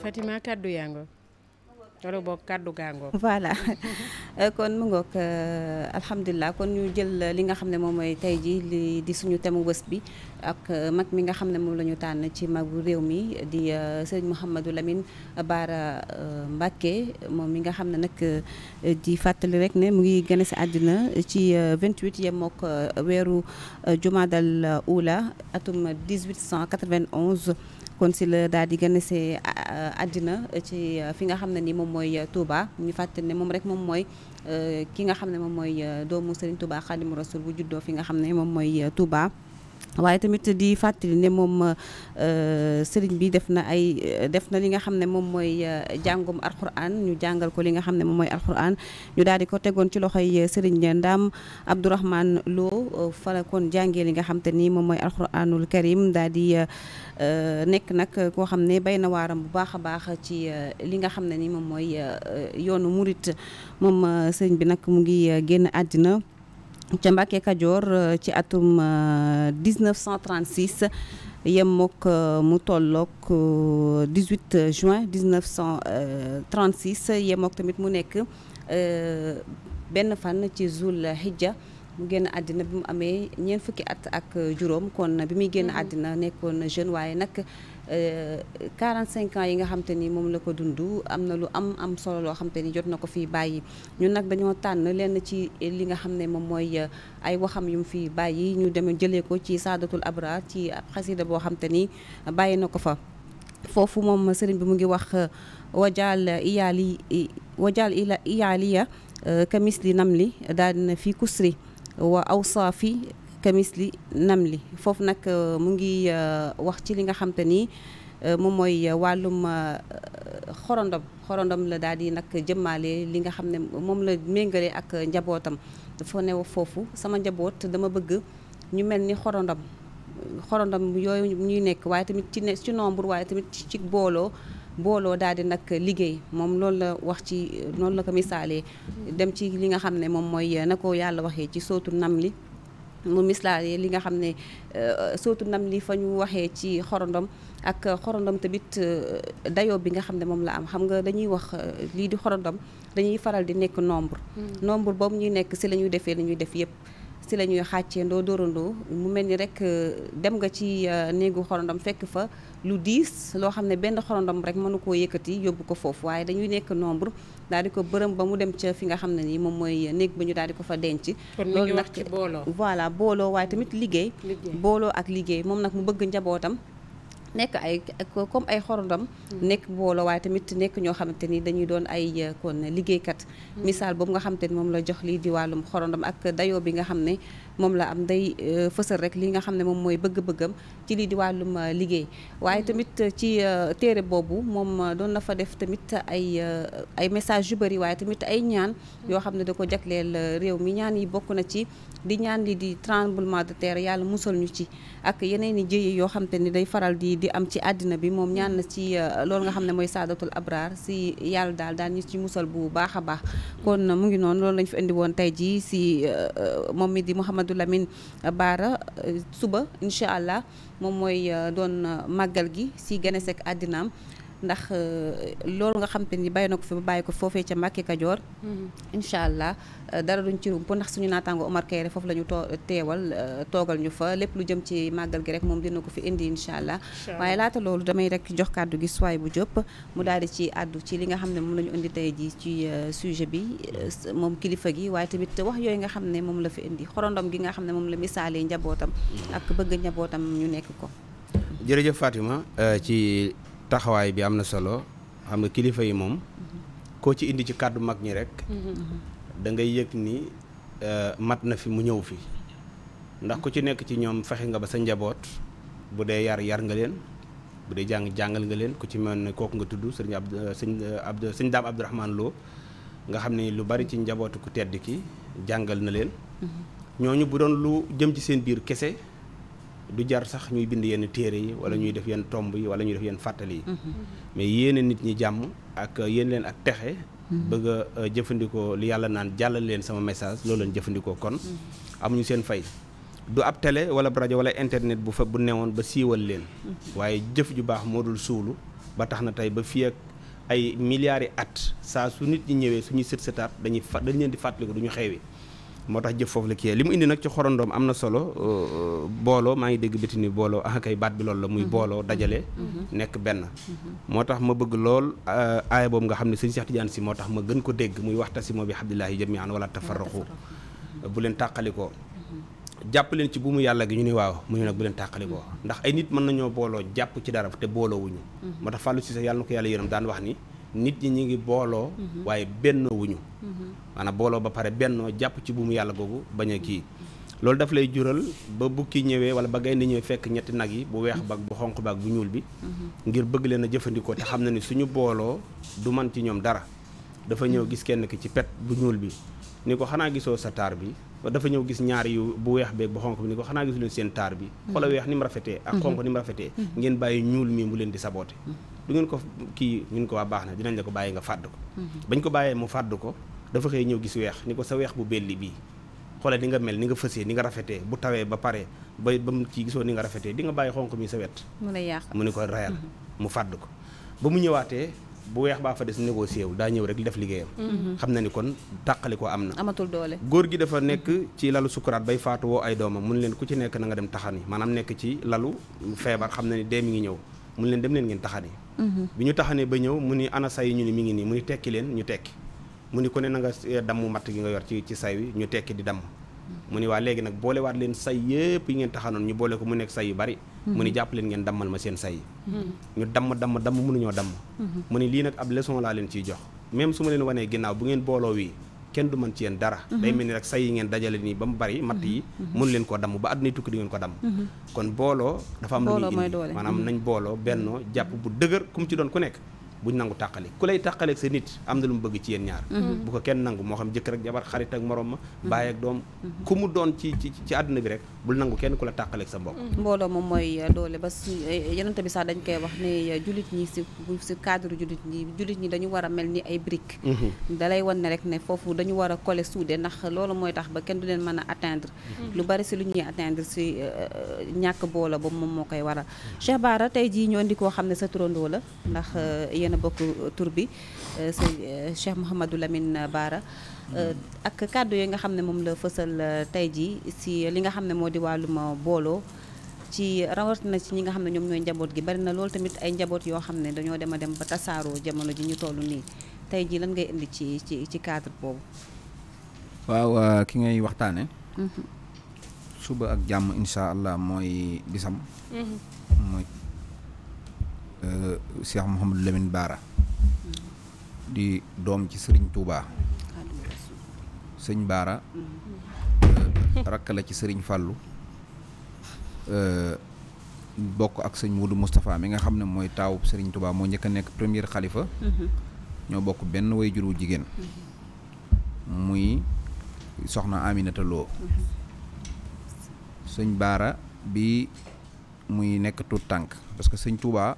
Fatima kàddu yango wala boog kàddu gàngoo voilà euh, kon mu ngoog euh, alhamdulilah kon ñu jël euh, li nga xam ne moom mooy tey jii li di suñu temu bés bi ak mag mi nga xam ne moom la ñu tànn ci magu réew mi di sëriñ Mouhamadou Lamine Bara Mbacké moom mi nga xam ne nag di fàttali rek ne mu ngi gën si àddina ci 28 yem mook weeru jumaadal ula atum 1891 kon si la daal di gën a see àddina ci euh, fi nga xam ne ni moom mooy euh, Touba ñu fàttali ne moom rek moom mooy euh, ki nga xam ne moom mooy doomu Serigne Touba Xaadimu Rasul bu juddoo fi nga xam ne moom mooy Touba. waaye tamit di fàttali ne moom euh, sëriñ bi def na ay def na li nga xam ne moom mooy euh, jàngum alxuraan ñu jàngal ko li nga xam ne moom mooy alxuraan ñu daal di ko tegoon ci loxoy euh, sëriñ Ndaam Abdourahmane Lo fala kon jàngee li nga xam te moom mooy alxuraanul karim daal di nekk nag koo xam ne bay na waaram bu baax a baax ci li nga xam ne ni moom mooy yoonu murit moom sëriñ bi nag mu ngi génn àddina ca Mbàkke Kajoor euh, ci atum 1936 yem mook mu tollook 18 euh, juin 1936 yem mook tamit mu nekk euh, benn fan ci Zul Hijja mu génn àddina bi mu amee ñeent fukki at ak juróom kon bi muy génn mm-hmm. àddina nekkoon jeune waaye nag 45 euh, ans yi nga xam ni moom la ko dund am na lu am am solo loo xam ni jot na ko fii bàyyi ñun nag dañoo tànn lenn ci li nga xam ne moom mooy euh, ay waxam yu mu fii bàyyi ñu dem jëlee ko ci saadatul abra ci ab boo xam ni bàyyi na ko fa foofu moom sëriñ bi mu ngi wax euh, wajaal iyaali wajaal iyaaliya ka misli nam li daal dina fii kusri wa awsaafi kamisli namli foofu nag euh, mu ngi euh, wax ci li nga xam te ni euh, moom mooy wàllum xorondom xorondom la daal di nag jëmmaale li nga xam ne moom la méngale ak njabootam dafa ne foofu sama njaboot dama bëgg ñu mel ni xorondom xorondom yooyu ñuy nekk waaye tamit ci ne ci nombre waaye tamit ci booloo booloo daal di nag liggéey moom loolu la wax ci noonu la ko misaalee dem ci li nga xam ne moom mooy na ko yàlla waxee ci sootu nam li mu mislaale li nga xam ne euh, sootu nam li fa ñu waxee ci xorondom ak xorondom tamit euh, dayoo bi nga xam ne moom la am xam nga dañuy wax euh, lii di xorondom dañuy faral di nekk nombre hmm. nombre boobu ñuy nekk si la ñuy defee lañuy def yëpp si la ñuy xàccee ndoo dóorandoo mu mel ni rek dem nga ci néegu xorondom fekk fa lu diis loo xam ne benn xorondom rek mënu koo yëkkati yóbbu ko foofu waaye dañuy nekk nombre daal di ko bërëm ba mu dem ca fi nga xam ne nii moom mooy néeg ba ñu daal di ko fa denc loolu nag ci voilà booloo waaye tamit liggéey booloo ak liggéey moom nag mu bëgg njabootam nekk ay comme ay xorondam hmm. nekk boolo waaye tamit nekk ñoo xamante ni dañuy doon ay euh, kon liggéeykat hmm. misaal boobu nga xamante ni moom la jox lii di wàllum xorondam ak dayoo bi nga xam ne moom la am day euh, fësal rek li nga xam ne moom mooy bëgg-bëggam ci lii di wàllum euh, liggéey waaye hmm. tamit ci téere boobu moom doon na fa def tamit ay ay message yu bëri waaye tamit ay ñaan yoo xam ne da ko jagleel réew mi ñaan yi bokk na ci di ñaan li di tremblement de terre yàlla musal ñu ci ak yeneen i jëye yoo xam te ni day faral di di am ci àddina bi moom ñaan na ci euh, loolu nga xam ne mooy saadatul abraar si yàlla daal daal ñu ci musal bu baax a baax kon mu ngi noonu loolu lañ fi indi woon tey jii si euh, moom mi di Mouhamadou Lamine baara euh, suba incha allah moom mooy doon màggal gi si Ganesek àddinaam ndax euh, loolu nga xam te ni bàyyi na ko fi ba bàyyi ko foofee ca Mbàkke Kajoor mhm. incha allah euh, dara duñ ci rumpu ndax suñu naataango Omar Kayre foofu la ñu too euh, teewal toogal ñu fa lépp lu jëm ci màggal gi rek moom dina ko fi indi incha allah waaye laata loolu damay rek jox kàddu gi suwaay bu jëpp mu mhm. daal di ci àddu ci li nga xam ne moom la ñu indi tey ji ci sujet bi moom kilifa gi waaye tamit wax yooyu nga xam ne moom la fi indi xorondoom gi nga xam ne moom la misaalee njabootam mhm. ak bëgg njabootam ñu nekk ko jërëjëf taxawaay bi am na solo xam nga kilifa yi moom koo ci indi ci kàddu mag ñi rek mm-hmm, mm-hmm. da ngay yëg ni euh, mat na fi mu ñëw fi ndax ku ci nekk ci ñoom fexe nga ba sa njaboot bu dee yar yar nga leen bu dee jàng jàngal nga leen ku ci mel ne kooku nga tudd sëñ Abd euh, sëñ euh, Abd Daam Abdourahmane Lo nga xam ne lu bari ci njabootu ku tedd ki jàngal na leen mm-hmm. ñooñu bu doon lu jëm ci seen biir kese du jar sax ñuy bind yenn téere yi wala ñuy def yenn tomb yi wala ñuy def yenn fàttali yi mhm. mais yéene nit ñi jàmm ak yéen leen ak texe mhm. bëgg euh, jëfandikoo li yàlla naan jàllale leen sama message loolu leen jëfandikoo kon mhm. amuñu seen fay du ab télé wala rajo wala internet bu fa bu newoon ba siiwal leen waaye jëf ju baax moo dul suulu ba tax na tey ba fi ak ay milliards yi at saa su nit ñi ñëwee suñu sët sëtaat dañuy fa dañ leen di fàttaliku du ñu xewi moo tax jëf foofu la kii li mu indi nag ci xorandoom am na solo euh, euh, booloo maa ngi dégg béti ni booloo ah kay baat bi loolu la muy mhm. booloo dajale mhm. Mhm. nekk benn moo tax ma bëgg lool euh, aaya boobu nga xam ne sëñ Cheikh Tidiane si moo tax ma gën ko dégg muy wax waxtasimo bi hablillahi jamian wala tafarraqu bu leen tàqalikoo jàpp leen ci bu mu yàlla gi ñu ne waaw mu ñu nag bu leen tàqalikoo ndax ay nit mën nañoo booloo jàpp ci dara te booloo wuñu moo tax fàllu si yàlla na daan wax ni nit ñi ñu ngi booloo mhm. waaye bennoo wuñu mhm. maanaam booloo ba pare bennoo jàpp ci bu yàlla googu bañ a kii loolu daf lay jural ba bukki ñëwee wala ba gaynde ñëwee fekk ñetti nag yi bu weex baag bu xonq baag bu ñuul bi mhm. ngir bëgg leen a jëfandikoo te xam na ni suñu booloo du man ci ñoom dara dafa ñëw gis kenn ki ci pet bu ñuul bi ni ko xanaa gisoo sa taar bi dafa ñëw gis ñaar yu bu weex beeg bu xonk bi ni ko xanaa gis leen seen taar bi mm-hmm. xoola weex ni mu rafetee ak xonk ni mu rafetee mm-hmm. ngeen bàyyi ñuul mii mu leen di saboote mm-hmm. du ngeen ko kii ñun ko na dinañ la nga fàdd ko bañ ko bàyyee mu fàdd ko dafa xëy ñëw gis weex ni ko sa weex bu belli bii xoola ni nga mel ni nga fësee ni nga rafetee bu tawee ba pare ba ba mu ci gisoo ni nga rafetee di bàyyi xonk mi sa wet mu ni ko rayal mu fàdd ko ba mu ñëwaatee bu weex baa fa des négocié wu daa ñëw rek def liggéeyam. Mm-hmm. xam na ni kon tàqali ko am na. amatul doole góor gi dafa nekk mm-hmm. ci lalu sukuraat bay faatu woo ay doomam mun leen ku ci nekk na nga dem taxani maanaam nekk ci lalu feebar xam na ni dee mi ngi ñëw mun leen dem leen ngeen taxani. Mm-hmm. bi ñu taxanee ba ñëw mu ni ana say ñu ni mi ngi nii mu ni tekki leen ñu tekki mu ni ku ne na nga eh, damm matt gi nga yor ci ci say wi ñu tekki di damm. mu ni waa léegi nag boolewaat leen say yëpp yi ngeen taxanoon ñu boole ko mu nekk say yu bari mu ni mhm. jàpp leen ngeen dammal ma seen say mhm. ñu damm damm damm mënuñoo damm mhm. mu ni lii nag ab leçon laa leen ciy jox même su ma leen wanee ginnaaw bu ngeen booloo wii kenn du mën ci yéen dara day mel ni rek say yi ngeen dajale nii ba mu bari matt yi mënu leen ko damm ba àdduna tukki di ngeen ko damm kon booloo dafa am lu muy indi maanaam nañ booloo bennoo jàpp bu dëgër ku ci doon ku nekk buñ nangu tàqali ku lay tàqaleeg sa nit am na lu mu bëgg ci yéen ñaar mm-hmm. bu ko kenn nangu moo xam jëkkër ak xarit ak morom ma mm-hmm. bàyyi ak doom mm-hmm. ku mu doon ci ci ci àdduna bi rek bul nangu kenn ku la tàqaleeg sa mbokk mbooloo moom mooy euh, doole ba euh, yeneen tamit sax dañ koy wax ne euh, jullit ñi si si a mel ni ay briques dalay wan ne rek ne foofu dañu war a ba kenn du leen mën a atteindre lu bari si lu ñuy atteindre si ñàkk boolo ba moom moo koy waral Cheikh Bara tey jii ñoo indi koo xam ne sa turandoo la ndax yéen a bokk euh, tur bi euh, sëñ euh, Cheikh Mouhamadou baara Bara ak kàddu yi nga xam ne moom la fësal tey jii si li nga xam ne moo di wàllum booloo ci rawatina ci ñi nga xam ne ñoom ñooy njaboot gi bari na loolu tamit ay njaboot yoo xam ne dañoo dem a dem ba tasaaroo jamono ji ñu toll nii tey jii lan ngay indi ci ci ci cadre boobu. waaw ki ngay waxtaane mhm. suba ak jàmm incha allah mooy bisam. Mhm. Cheikh Mouhamadou Lamine Baara di doom ci sëriñ Touba sëñ Baara euh, ci sëriñ Fàllu euh, bokk ak sëñ Moudou Moustapha mi nga xam ne mooy taawu sëriñ Touba moo njëkk a nekk premier xalifa benn way juru soxna Aminata Baara bi muy nekk tànk parce sëñ Touba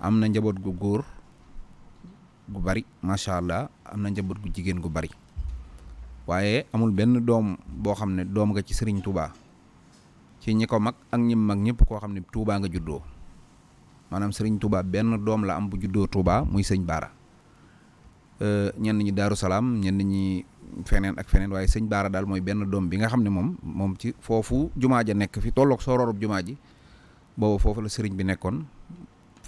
am na njaboot gu góor gu bari macha allah am na njaboot gu jigéen gu bari waaye amul benn doom boo xam ne doom nga ci sëriñ Touba ci ñi ko mag ak ñi mag ñëpp koo xam ne Touba nga juddoo maanaam sëriñ Touba benn doom la am bu juddoo Touba muy sëñ Baara ñenn ñi Daaru Salaam ñenn ñi feneen ak feneen waaye sëñ Baara daal mooy benn doom bi nga xam ne moom moom ci foofu jumaa ja nekk fi tolloog sooroorub jumaa ji boobu foofu la sëriñ bi nekkoon.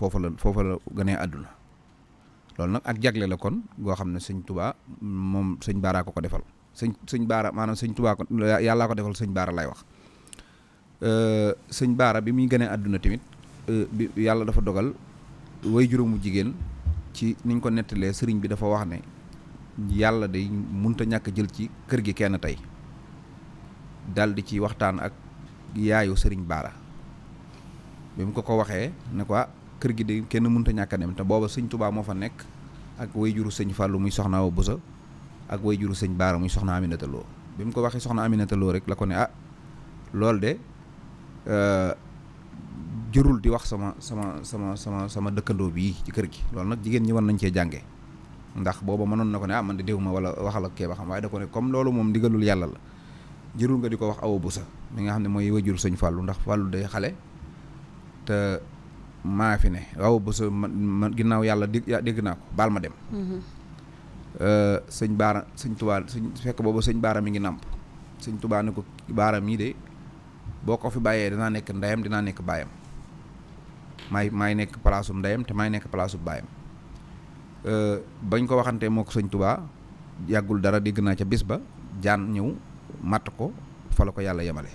foofa la foofa la gënee àdduna loolu nag ak jagle la kon goo xam ne sëñ tubaa moom sëñ baaraa ko ko defal sëñ sëñ baara maanaam sëñ tubaa ko yàllaa ko defal sëñ baara lay wax sëñ baara bi mu gënee àdduna tamit e, bi yàlla dafa dogal way juróomu jigéen ci niñ ko nettalee sëriñ bi dafa wax ne yàlla day munta ñàkk jël ci kër gi kenn tey daldi ci waxtaan ak yaayu sëriñ baara bi mu ko ko waxee ne ko ah, kër gi de kenn mënut a ñàkk a dem te booba sëñ Touba moo fa nekk ak way juru sëñ muy soxna Awa Bousso ak way juru sëñ Baara muy soxna Aminata Lo bi mu ko waxee soxna Aminata rek la ko ne ah loolu de euh, jurul di wax sama sama sama sama sama dëkkandoo bii ci kër gi loolu nag jigéen ñi war nañ cee jàngee ndax booba mënoon na ko ne ah man de déwuma wala waxal ak kee ba xam waaye da ko ne comme loolu moom ndigalul yàlla la jurul nga di ko wax Awa Bousso mi nga xam ne mooy way juru sëñ Fallou ndax Fallou day xale maa fi ne waaw ba sa man man ginnaaw yàlla dégg dégg naa ko baal ma dem. Mm-hmm. Euh, sëñ baara sëñ tubaa sëñ fekk booba sëñ baara mi ngi nàmp sëñ tubaa ne ko baara mii de boo ko fi bàyyee dinaa nekk ndeyam dinaa nekk baayam maay maay nekk palaasu ndeyam te maay nekk palaasu baayam euh, bañ ko waxantee moo ko sëñ tubaa yàggul dara dégg naa ca bis ba jaan ñëw matt ko fa la ko yàlla yemale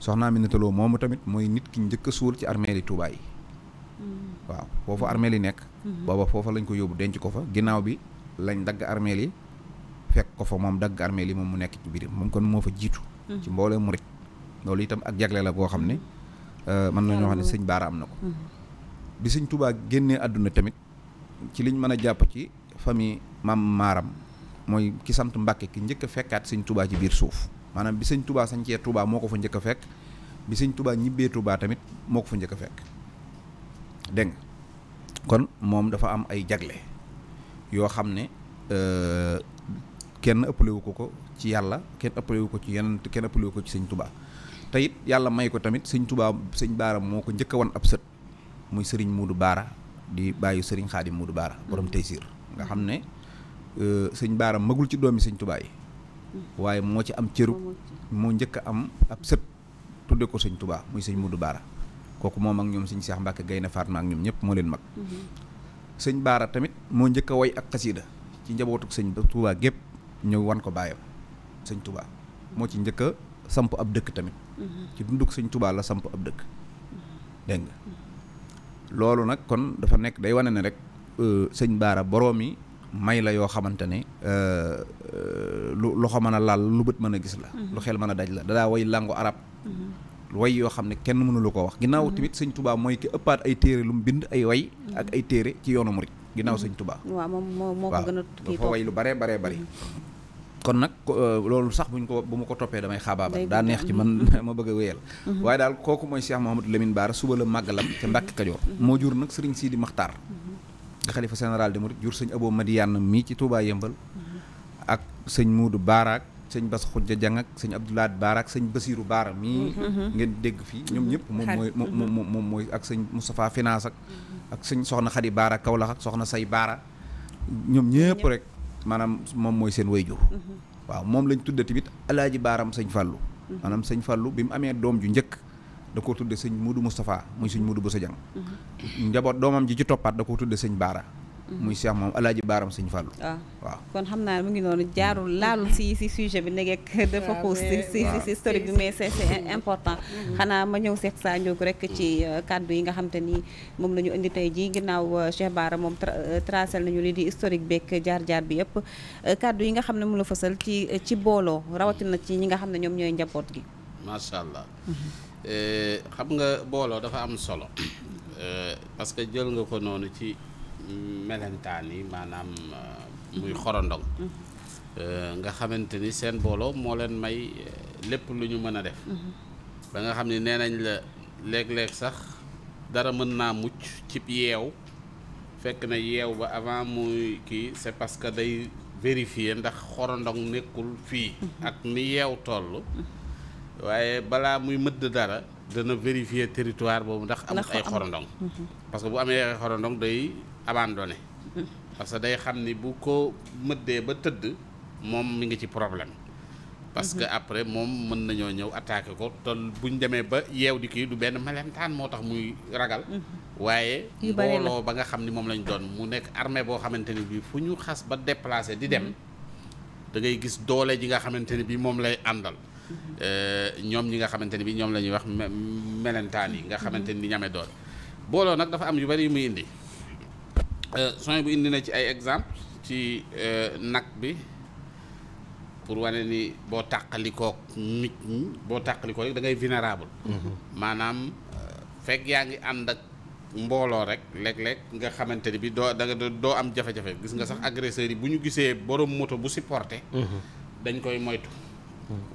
soxna mi netaloo moomu tamit mooy nit ki njëkk a suul ci armée tubaa yi Mm-hmm. waaw foofu armeel yi nekk mm-hmm. booba foofu lañ ko yóbbu denc ko fa ginnaaw bi lañ dagg armeel yi fekk ko fa moom dagg armeel yi moom mu nekk ci biir moom kon moo fa jiitu mm-hmm. ci mboolee murit loolu itam ak jagle la goo xam ne euh, mën nañoo ne sëñ baara am na ko bi sëñ tubaa génnee àdduna tamit ci liñ mën a jàpp ci famille maam maaram mooy ki sant mbàkke ki njëkk fekkaat sëñ tubaa ci biir suuf maanaam bi sëñ tubaa sañcee tubaa moo ko fa njëkk a fekk bi sëñ tubaa ñibbee tubaa tamit moo ko fa njëkk a fekk dégg nga kon moom dafa am ay jagle yoo xam ne euh, kenn ëpplewu ko ko ci yàlla kenn ëpplewu ko ci yeneen kenn ëppalewu ko ci sëñ tubaa te yàlla may ko tamit sëñ tubaa sëñ baara moo ko njëkk a wan ab sët muy sëriñ muudu baara di bàyyi sëriñ xaadim muudu baara tey taysiir nga xam ne euh, sëñ baara magul ci doomi sëñ tubaa yi waaye moo ci am cëru moo njëkk am ab sët tudde ko sëñ tubaa muy sëñ muudu baara kooku moom ak ñoom sëñ Seex Mbàkke Gaynde Fatma ak ñoom ñëpp moo leen mag mhm. sëñ Baara tamit moo njëkk a woy ak xasiida ci njabootuk sëñ Touba gépp ñëw wan ko baayam sëñ Touba moo ci njëkk a samp ab dëkk tamit mhm. ci dunduk sëñ tubaa la samp ab dëkk mhm. dégg nga loolu nag kon dafa nekk day wane ne rek euh, sëñ Baara boroom yi may la yoo xamante ne euh, euh, lu loxo mën a laal lu bët mën a gis la lu xel mën a daj la dadaa woy làngu arab way yoo xam ne kenn mënulu ko wax ginnaaw mm-hmm. tamit sëñ tubaa mooy ki ëppaat ay téere lu mu bind ay way mm-hmm. ak ay téere ci yoonu murit ginnaaw sañ tubaa mm-hmm. waaw a kii dafa way lu bare bare bari kon nag euh, loolu sax buñ ko bu ma ko toppee damay xaabaabal daa neex ci man ma bëgg a wéyal waaye daal kooku mooy Cheikh Mouhamadou Lamine Bara suba la màggalam ca Mbàkke Kajoor moo jur nag sëriñ Sidi Maxtaar di xalifa général des mourides jur sëñ Abo Madiane mii ci Touba yëmbal ak sëñ Muudu sëñ Bas Xujja Jang ak sëñ Abdoulaat Baar ak sëñ Basiiru baara mii mhm. ngeen dégg fii ñoom ñëpp moom mooy moom moom mooy ak sëñ Moustapha Finance ak ak sëñ Soxna Xadi Baara Kawlax ak Soxna Say Baara ñoom ñëpp rek maanaam moom mooy seen wayjur mhm. waaw moom lañ tudde tamit alaaji baaram sëñ Fàllu mhm. maanaam sëñ Fàllu bi mu amee doom ju njëkk da koo tudde sëñ Mudu Moustapha muy sëñ Mudu Basa Jang njaboot doomam ji ci toppaat da koo tudde sëñ Baara muy Cheikh moom ji baaram sëñ Fallou ah. waaw kon xam naa mu ngi noonu jaarul mm. laalul si si sujet bi nekk dafa ah, xuus si si si historique bi mais c'est c'est mm-hmm. important mm-hmm. xanaa ma ñëw seet saa Ndiogou rek ci euh, kàddu yi nga xam ni moom la ñu indi tey jii ginnaaw euh, Cheikh Baara moom euh, tracé nañu li di historique beeg jaar-jaar bi yëpp kàddu yi nga xam ne mu la fësal ci ci booloo rawatina ci ñi nga xam ne ñoom ñooy njaboot gi macha allah mm-hmm. xam nga booloo dafa am solo parce que jël nga ko noonu ci melentaan yi maanaam euh, muy mm-hmm. xorondong mm-hmm. Euh, nga xamante ni seen booloo moo leen may euh, lépp lu ñu mën a def mm-hmm. ba nga xam ne nee nañ la léeg-léeg sax dara mën naa mucc cib yeew fekk na yeew ba avant muy kii c'est parce que day vérifier ndax xorondong nekkul fii ak ni yeew toll waaye balaa muy mëdd dara dana vérifier teritoire boobu ndax amul ay xorondong parce bu amee xorondong day abandonné parce que day xam ni bu ko mëddee ba tëdd moom mu ngi ci problème parce que mhm. après moom mën nañoo ñëw attaqué ko te buñ demee ba yeew di kii du benn melentaan moo tax muy ragal mhm. waaye mbooloo ba nga xam ni moom lañu doon mu nekk armée boo xamante ni bii fu ñu xas ba déplacé di dem mhm. da ngay gis doole ji nga xamante ni bii moom lay àndal eh, ñoom ñi nga xamante ni bii ñoom la ñuy wax melentaan yi nga xamante ni ñame doole booloo nag dafa am yu bari yu muy indi Euh, soñ bu indi na ci ay exemple ci euh, nag bi pour wane ni boo tàqalikook nit ñi boo tàqalikoo rek da ngay vulnérable mhm. maanaam euh, fekk yaa ngi ànd ak mbooloo rek léeg-léeg nga xamante ni bi doo da doo am jafe-jafe gis nga sax mhm. agresseurs yi bu ñu gisee borom moto bu supporté mhm. dañ koy moytu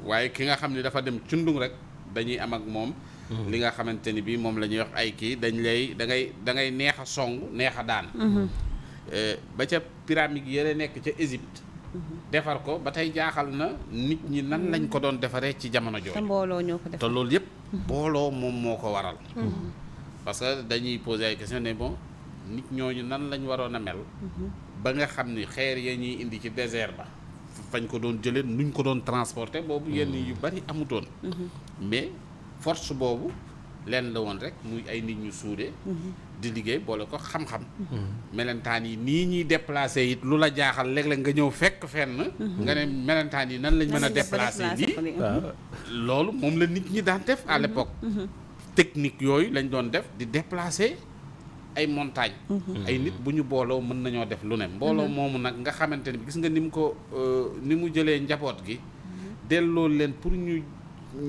waaye ki nga xam ne dafa dem cundung rek dañuy am ak moom li nga xamante ni bii moom la ñuy wax ay kii dañ lay da ngay da ngay neex a song neex a daan. Mhm. Eh, ba ca pyramide yële nekk ca Égypte. Mhm. defar ko ba tey jaaxal na nit ñi nan lañ ko doon defaree ci jamono jooju. te mbooloo ñoo loolu yëpp. Mhm. mbooloo moom moo ko waral. parce que dañuy poser ay question ne bo nit ñooñu nan lañ waroon a mel. ba nga xam ni xeer ya ñuy indi ci désert ba. fañ ko doon jële nuñ ko doon transporter boobu yenn yu bari amutoon. mais force boobu leen la woon rek muy ay nit ñu suude di liggéey boole ko xam-xam melentaan yi nii ñuy déplacé it lu la jaaxal léeg-léeg nga ñëw fekk fenn nga ne melentaan yi nan lañ mën a déplacé nii loolu moom la nit ñi daan def à mhm. l'époque mhm. technique yooyu lañ doon def di déplacé ay montagne mhm. ay nit bu ñu booloo mën nañoo def lu ne mbooloo moomu nag nga xamante bi gis nga ni mu ko euh, ni mu jëlee njaboot gi delloo leen pour ñu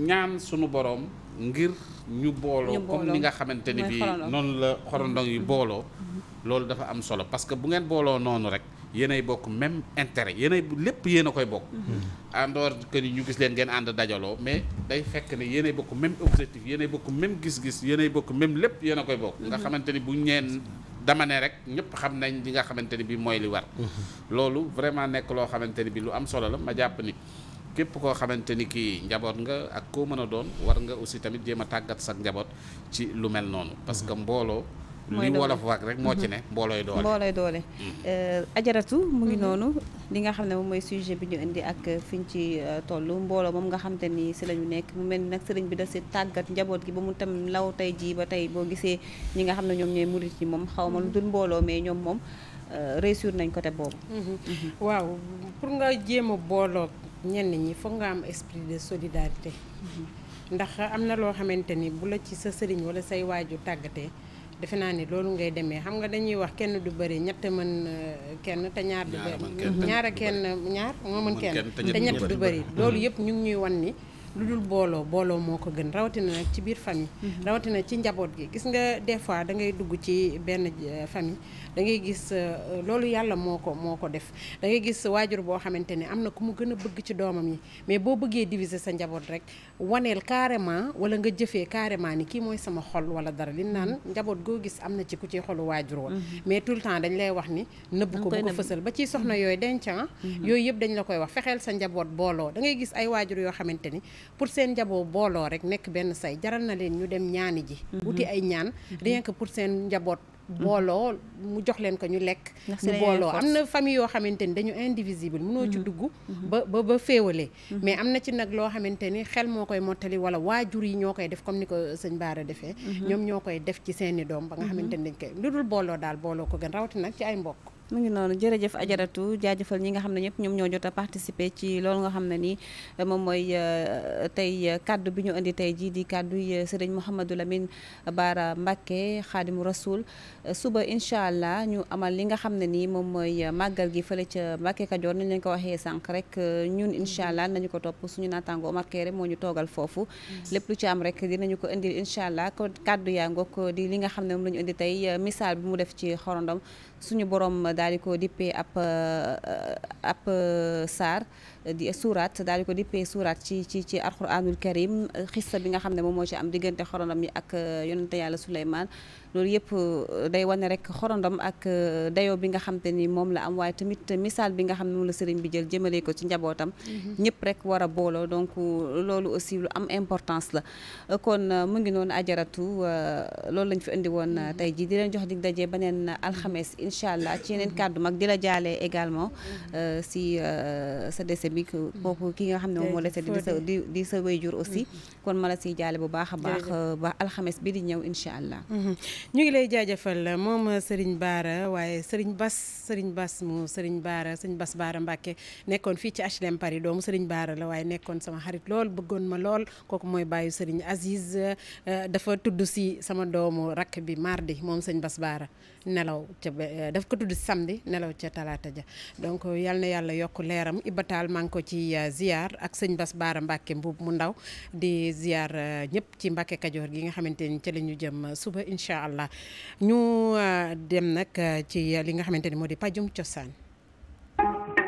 ñaan sunu boroom ngir ñu booloo comme ni nga xamante ni bi noonu la xorondong yi mm-hmm. booloo mm-hmm. loolu dafa am solo parce que bu ngeen booloo noonu rek yéenay bokk même intérêt yéenay lépp yéen a koy bokk en mm-hmm. dehors que ni ñu gis leen ngeen ànd dajaloo mais day fekk ne yéenay bokk même objectif yéenay bokk même gis-gis yéenay bokk même lépp yéen a koy bokk nga xamante ni bu ñeen dama ne rek ñëpp xam nañ li nga xamante ni bi mooy li war loolu vraiment nekk loo xamante ni bi lu am solo la ma jàpp ni képp koo xamante ni kii njaboot nga ak koo mën a doon war nga aussi tamit jéem a tàggat sa njaboot ci lu mel noonu parce que mbooloo li wolof wax rek moo ci ne mhm. mboolooy doole mboolooy doole mhm. euh, ajaratu mu ngi mhm. noonu li nga xam ne moom mooy sujet bi ñu indi ak fi ci euh, toll mbooloo moom nga xam te ni si la ñu nekk mu mel ni nag sëriñ bi da si tàggat njaboot gi ba mu tam law tey jii ba tey boo gisee ñi nga xam ne ñoom ñooy murit yi moom xaw ma lu dul mbooloo mais ñoom moom euh, réussir nañ ko côté boobu waaw pour ñenn ñi foog nga am esprit de solidarité mm-hmm. ndax am na loo xamante ni bu la ci sa sëriñ wala say waaju tàggatee defe naa ni loolu ngay demee xam nga dañuy wax kenn du bëri ñett mën euh, kenn te ñaar du bëri kenn ñaar moo mën kenn te du bëri loolu mm-hmm. yëpp ñu ngi ñuy wan ni lu dul booloo booloo moo ko gën rawatina nag ci biir famille mm-hmm. rawatina ci njaboot gi gis nga des fois da ngay dugg ci benn euh, famille da ngay gis euh, euh, loolu yàlla moo ko moo ko def da ngay gis waajur boo xamante ne am na ku mu gën a bëgg ci doomam yi mais boo bëggee diviser sa njaboot rek waneel carrément wala nga jëfee carrément ni kii mooy sama xol wala dara li naan mm-hmm. njaboot goo gis am na ci ku ci xolu waajur wa mm-hmm. mais tout le temps dañ lay wax ni nëbb ko bu ko fësal ba ciy soxna mm-hmm. yooyu dencan ah, yooyu yëpp dañ la koy wax fexeel sa njaboot booloo da gis ay waajur yoo xamante ni pour seen njaboot booloo rek nekk benn say jaral na leen ñu dem ñaani ji wuti ay ñaan rien que pour seen njaboot booloo mu jox leen ko ñu lekk ñu booloo am na famille yoo xamante ni dañu indivisible mënoo ci mhm. dugg mhm. ba ba ba féewalee mhm. mais am na ci nag loo xamante ni xel moo koy mottali wala waajur yi ñoo koy def comme ni ko sëñ Baara defee ñoom ñoo koy def ci seeni doom ba nga xamante ni dañ koy lu dul booloo daal booloo ko gën rawati nag ci ay mbokk mu ngi noonu jërëjëf ajaratu jaajëfal ñi nga xam ne ñëpp ñoom ñoo jota a participer ci loolu nga xam ne nii eh, moom mooy eh, tey eh, kaddu bi ñu indi tey jii di kaddu yi sëriñ Mouhamadou Lamine Bara Mbacké xaadimu rasul suba incha allah ñu amal li nga xam ne ni moom mooy màggal gi fële ca Mbacké Kajoor ni leen ko waxee sànq rek ñun incha allah nañu ko topp suñu naataango Omar Kéré moo ñu toogal foofu lépp lu ci am rek dinañu ko indi incha allah ko kaddu yaa ngoog di li nga xam ne moom la ñu indi tey misaal bi mu def ci xorondom suñu borom daal di ko dippee ab euh, euh, ab euh, saar di suuraat daal di ko dippee suuraat ci ci ci alxuraanul karim xissa bi nga xam ne moom moo ci am diggante xorondom yi ak euh, yonente yàlla Suleymaan loolu yëpp euh, day wane rek xorondom ak euh, dayoo bi nga xam te ni moom la am waaye tamit misaal bi nga xam ne moom la sëriñ bi jël jëmale ko ci njabootam mhm. ñëpp rek war a booloo donc loolu aussi lu am importance la kon mu ngi noonu ajaratu loolu lañ fi indi woon mhm. tey ji di leen jox dig daje beneen alxames incha allah ci yeneen mhm. kàddu mag di la jaalee également si sa bi mm-hmm. kooku ki nga xam ne moom moo lese di sa di sa wéyjur aussi mm-hmm. kon ma la siy jaale bu baax a baax ba alxames bi di ñëw incha allah mm-hmm. ñu ngi lay jaajëfal moom Serigne Bara waaye Serigne Bass Serigne Bass mu Serigne Bara Serigne Bass Bara Mbacke nekkoon fii ci HLM Paris doomu Serigne Bara la waaye nekkoon sama xarit lool bëggoon ma lool kooku mooy bàyyi Serigne Aziz euh, dafa tudd si sama doomu rakk bi mardi moom Serigne Bass Bara nelaw ca eh, daf ko tudd samedi nelaw ca talaata ja donc euh, yal na yàlla yokk leeram ibataal maa ko ci euh, ziar ak sëñ Bas Baara Mbacke mbuub mu ndaw di ziar euh, ñëpp ci Mbacke Kajoor gi nga xamante ni ca la ñu jëm suba incha allah ñu dem nag ci li nga xamante ni moo di pajum cosaan